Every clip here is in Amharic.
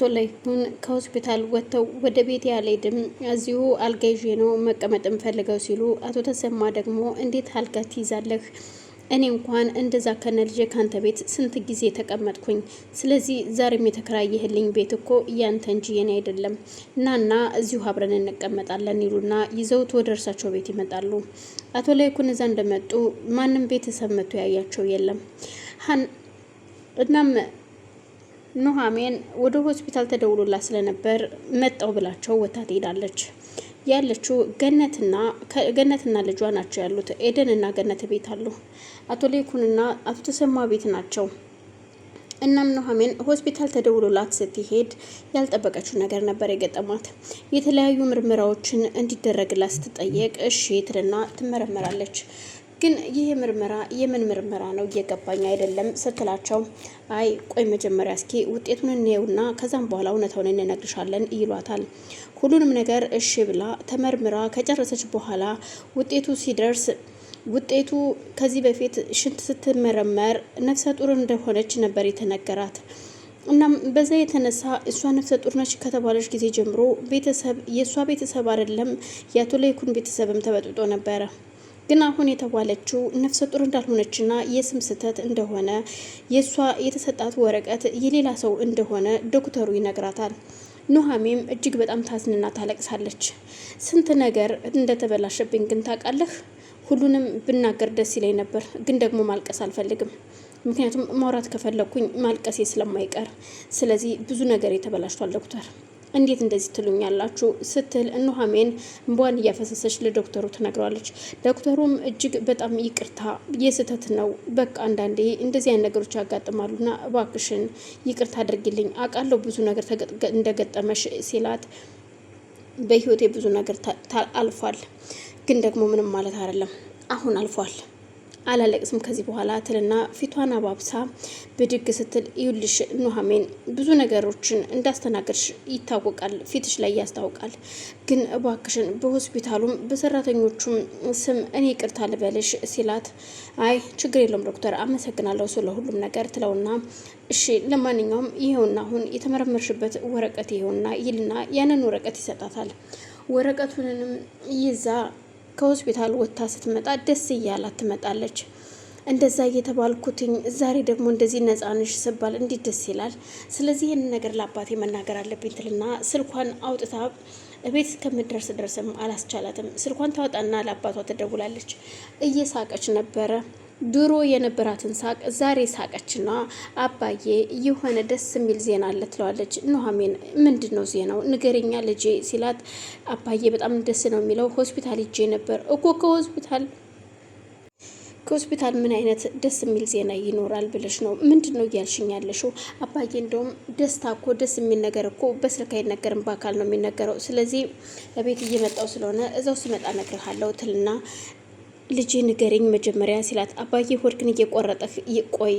ቶ ላይኩን ከሆስፒታል ወጥተው ወደ ቤት ያልሄድም እዚሁ አልጋ ይዤ ነው መቀመጥ ፈልገው ሲሉ አቶ ተሰማ ደግሞ እንዴት አልጋ ትይዛለህ? እኔ እንኳን እንደዛ ከነ ከነልጄ ካንተ ቤት ስንት ጊዜ ተቀመጥኩኝ። ስለዚህ ዛሬም የተከራየህልኝ ቤት እኮ እያንተ እንጂ የኔ አይደለም። እናና እዚሁ አብረን እንቀመጣለን ይሉና ይዘውት ወደ እርሳቸው ቤት ይመጣሉ። አቶ ላይኩን እዛ እንደመጡ ማንም ቤተሰብ መጥቶ ያያቸው የለም። እናም ኑሐሚን ወደ ሆስፒታል ተደውሎላት ስለነበር መጣው ብላቸው ወታ ትሄዳለች። ያለችው ገነትና ገነትና ልጇ ናቸው ያሉት። ኤደንና ገነት ቤት አሉ። አቶ ሌኩንና አቶ ተሰማ ቤት ናቸው። እናም ኑሐሚን ሆስፒታል ተደውሎላት ስትሄድ ያልጠበቀችው ነገር ነበር የገጠማት። የተለያዩ ምርመራዎችን እንዲደረግላት ስትጠየቅ እሺ ትልና ትመረመራለች። ግን ይህ ምርመራ የምን ምርመራ ነው እየገባኝ አይደለም ስትላቸው፣ አይ ቆይ መጀመሪያ እስኪ ውጤቱን እንየውና ከዛም በኋላ እውነታውን እንነግርሻለን ይሏታል። ሁሉንም ነገር እሺ ብላ ተመርምራ ከጨረሰች በኋላ ውጤቱ ሲደርስ ውጤቱ ከዚህ በፊት ሽንት ስትመረመር ነፍሰ ጡር እንደሆነች ነበር የተነገራት። እናም በዛ የተነሳ እሷ ነፍሰ ጡር ነች ከተባለች ጊዜ ጀምሮ ቤተሰብ የእሷ ቤተሰብ አይደለም የአቶ ላይኩን ቤተሰብም ተበጥብጦ ነበረ። ግን አሁን የተባለችው ነፍሰ ጡር እንዳልሆነችና የስም ስህተት እንደሆነ የእሷ የተሰጣት ወረቀት የሌላ ሰው እንደሆነ ዶክተሩ ይነግራታል። ኑሐሚም እጅግ በጣም ታዝንና ታለቅሳለች። ስንት ነገር እንደተበላሸብኝ ግን ታውቃለህ፣ ሁሉንም ብናገር ደስ ይለኝ ነበር፣ ግን ደግሞ ማልቀስ አልፈልግም ምክንያቱም ማውራት ከፈለኩኝ ማልቀሴ ስለማይቀር። ስለዚህ ብዙ ነገር የተበላሽቷል ዶክተር እንዴት እንደዚህ ትሉኛላችሁ? ስትል ኑሐሚን እንቧን እያፈሰሰች ለዶክተሩ ትነግረዋለች። ዶክተሩም እጅግ በጣም ይቅርታ የስህተት ነው፣ በቃ አንዳንዴ እንደዚህ አይነት ነገሮች ያጋጥማሉና እባክሽን ይቅርታ አድርጊልኝ፣ አውቃለሁ ብዙ ነገር እንደገጠመሽ ሲላት በህይወቴ ብዙ ነገር አልፏል፣ ግን ደግሞ ምንም ማለት አይደለም አሁን አልፏል አላለቅስም ከዚህ በኋላ ትልና ፊቷን አባብሳ ብድግ ስትል ይውልሽ ኑሐሚን ብዙ ነገሮችን እንዳስተናገድሽ ይታወቃል፣ ፊትሽ ላይ ያስታውቃል። ግን እባክሽን በሆስፒታሉም በሰራተኞቹም ስም እኔ ይቅርታ ልበልሽ ሲላት፣ አይ ችግር የለውም ዶክተር አመሰግናለሁ ስለ ሁሉም ነገር ትለውና እሺ ለማንኛውም ይሄውና አሁን የተመረመርሽበት ወረቀት ይሄውና ይልና ያንን ወረቀት ይሰጣታል። ወረቀቱንንም ይዛ ከሆስፒታል ወጥታ ስትመጣ ደስ እያላት ትመጣለች። እንደዛ እየተባልኩትኝ ዛሬ ደግሞ እንደዚህ ነጻንሽ ስባል እንዴት ደስ ይላል። ስለዚህ ይህን ነገር ለአባቴ መናገር አለብኝ ትልና ስልኳን አውጥታ ቤት እስከምደርስ ድረስም አላስቻላትም። ስልኳን ታወጣና ለአባቷ ትደውላለች። እየሳቀች ነበረ ድሮ የነበራትን ሳቅ ዛሬ ሳቀችና አባዬ የሆነ ደስ የሚል ዜና አለ ትለዋለች። ኑሐሚን ምንድን ነው ዜናው ንገረኛ ልጄ ሲላት አባዬ በጣም ደስ ነው የሚለው ሆስፒታል ሂጄ ነበር እኮ ከሆስፒታል ከሆስፒታል ምን አይነት ደስ የሚል ዜና ይኖራል ብለሽ ነው? ምንድን ነው እያልሽኝ ያለሽው? አባዬ እንደውም ደስታ እኮ ደስ የሚል ነገር እኮ በስልክ አይነገርም በአካል ነው የሚነገረው። ስለዚህ ቤት እየመጣው ስለሆነ እዛው ስመጣ እነግርሃለሁ ትልና ልጅ ንገረኝ መጀመሪያ ሲላት አባዬ ሆድክን እየቆረጠህ ቆይ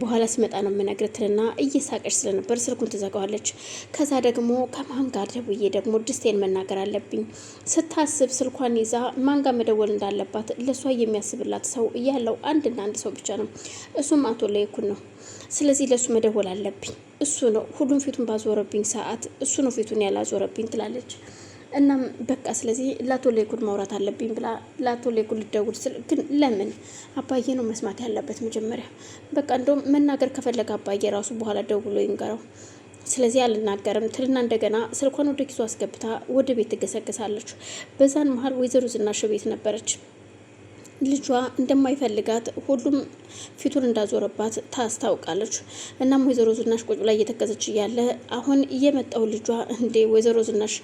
በኋላ ስመጣ ነው የምነግርትልና እየሳቀች ስለነበር ስልኩን ትዘጋዋለች። ከዛ ደግሞ ከማን ጋር ደውዬ ደግሞ ድስቴን መናገር አለብኝ ስታስብ ስልኳን ይዛ ማን ጋር መደወል እንዳለባት ለእሷ የሚያስብላት ሰው እያለው አንድና አንድ ሰው ብቻ ነው። እሱም አቶ ለይኩን ነው። ስለዚህ ለእሱ መደወል አለብኝ። እሱ ነው ሁሉም ፊቱን ባዞረብኝ ሰዓት እሱ ነው ፊቱን ያላዞረብኝ ትላለች። እናም በቃ ስለዚህ ለአቶ ሌኩድ ማውራት አለብኝ ብላ ለአቶ ሌኩድ ልደውል ስል ግን ለምን አባዬ ነው መስማት ያለበት መጀመሪያ። በቃ እንደውም መናገር ከፈለገ አባዬ ራሱ በኋላ ደውሎ ይንገረው። ስለዚህ አልናገርም ትልና እንደገና ስልኳን ወደ ኪሱ አስገብታ ወደ ቤት ትገሰግሳለች። በዛን መሀል ወይዘሮ ዝናሽ ቤት ነበረች። ልጇ እንደማይፈልጋት ሁሉም ፊቱን እንዳዞረባት ታስታውቃለች። እናም ወይዘሮ ዝናሽ ቁጭ ላይ እየተከዘች እያለ አሁን የመጣው ልጇ እንዴ ወይዘሮ ዝናሽ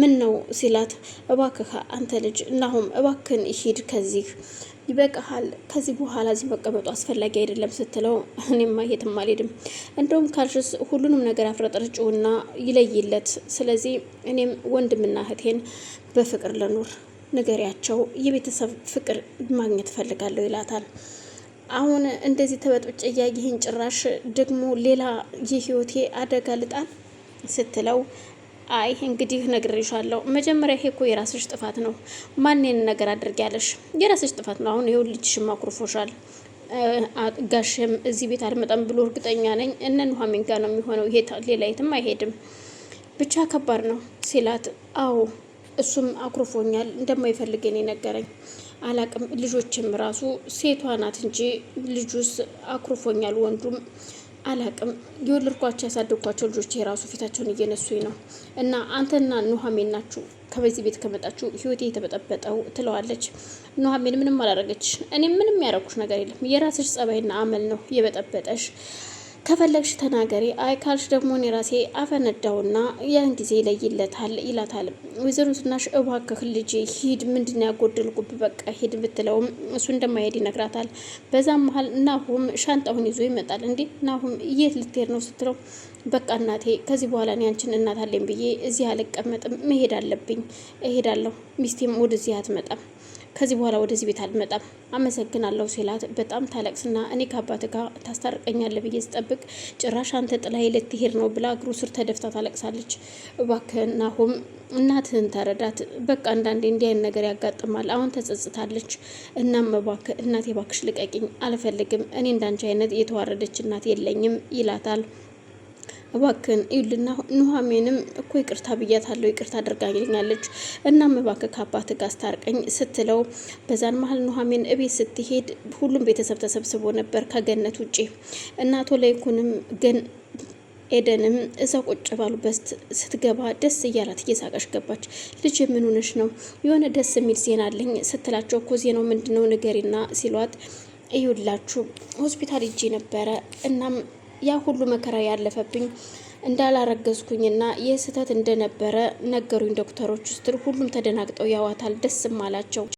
ምን ነው ሲላት፣ እባክህ አንተ ልጅ እናሁም እባክን ሂድ ከዚህ ይበቃሃል። ከዚህ በኋላ እዚህ መቀመጡ አስፈላጊ አይደለም ስትለው እኔማ የትም አልሄድም፣ እንደውም ካልሽስ ሁሉንም ነገር አፍረጠርጭውና ይለይለት። ስለዚህ እኔም ወንድምና እህቴን በፍቅር ልኑር ንገሪያቸው፣ የቤተሰብ ፍቅር ማግኘት ፈልጋለሁ ይላታል። አሁን እንደዚህ ተበጥብጬ እያየህን ጭራሽ ደግሞ ሌላ የህይወቴ አደጋ ልጣል ስትለው አይ እንግዲህ ነግሬሻለሁ። መጀመሪያ ይሄ እኮ የራስሽ ጥፋት ነው። ማንን ነገር አድርጊያለሽ? የራስሽ ጥፋት ነው። አሁን ይኸው ልጅሽም አኩርፎሻል። ጋሽም እዚህ ቤት አልመጣም ብሎ እርግጠኛ ነኝ እነ ኑሐሚን ነው የሚሆነው። ይሄ ሌላ የትም አይሄድም። ብቻ ከባድ ነው ሲላት አዎ እሱም አኩርፎኛል እንደማይፈልገን የነገረኝ አላቅም። ልጆችም ራሱ ሴቷ ናት እንጂ ልጁስ አኩርፎኛል፣ ወንዱም አላቅም። የወለድኳቸው ያሳደግኳቸው ልጆች የራሱ ፊታቸውን እየነሱኝ ነው። እና አንተና ኑሐሚን ናችሁ ከበዚህ ቤት ከመጣችሁ ህይወቴ የተበጠበጠው ትለዋለች። ኑሐሚን ምንም አላረገች፣ እኔም ምንም ያረኩሽ ነገር የለም የራስሽ ጸባይና አመል ነው የበጠበጠሽ ከፈለግሽ ተናገሪ፣ አይ ካልሽ ደግሞ እኔ ራሴ አፈነዳውና ያን ጊዜ ይለይለታል ይላታል። ወይዘሮ ዝናሽ እባክህ ልጄ ሂድ፣ ምንድን ያጎደልኩብ በቃ ሂድ ብትለውም እሱ እንደማይሄድ ይነግራታል። በዛም መሀል ናሁም ሻንጣውን ይዞ ይመጣል። እንዴ ናሁም የት ልትሄድ ነው ስትለው በቃ እናቴ ከዚህ በኋላ እኔ አንቺን እናት አለኝ ብዬ እዚህ አልቀመጥም፣ መሄድ አለብኝ፣ እሄዳለሁ። ሚስቴም ወደዚህ አትመጣም ከዚህ በኋላ ወደዚህ ቤት አልመጣም፣ አመሰግናለሁ ሲላት በጣም ታለቅስና እኔ ከአባት ጋር ታስታርቀኛለ ብዬ ስጠብቅ ጭራሽ አንተ ጥላይ ልትሄድ ነው ብላ እግሩ ስር ተደፍታ ታለቅሳለች። እባክህ ናሆም እናትህን ተረዳት። በቃ አንዳንዴ እንዲህ አይነት ነገር ያጋጥማል። አሁን ተጸጽታለች። እናም እባክህ እናቴ እባክሽ ልቀቂኝ፣ አልፈልግም። እኔ እንዳንቺ አይነት የተዋረደች እናት የለኝም ይላታል። እባክን ይልና ኑሐሚንም እኮ ይቅርታ ብያታለሁ ይቅርታ አድርጋኛለች እናም እባክህ ከአባት ጋር አስታርቀኝ ስትለው በዛን መሀል ኑሐሚን እቤት ስትሄድ ሁሉም ቤተሰብ ተሰብስቦ ነበር ከገነት ውጪ እናቶ ላይኩንም ግን ኤደንም እዛ ቁጭ ባሉበት ስትገባ ደስ እያላት እየሳቀሽ ገባች። ልጅ የምንሆነች ነው የሆነ ደስ የሚል ዜና አለኝ ስትላቸው እኮ ዜናው ምንድነው ንገሪና ሲሏት እዩላችሁ ሆስፒታል እጄ ነበረ እናም ያ ሁሉ መከራ ያለፈብኝ እንዳላረገዝኩኝና ይህ ስህተት እንደነበረ ነገሩኝ ዶክተሮች ውስጥ ሁሉም ተደናግጠው ያዋታል፣ ደስም አላቸው።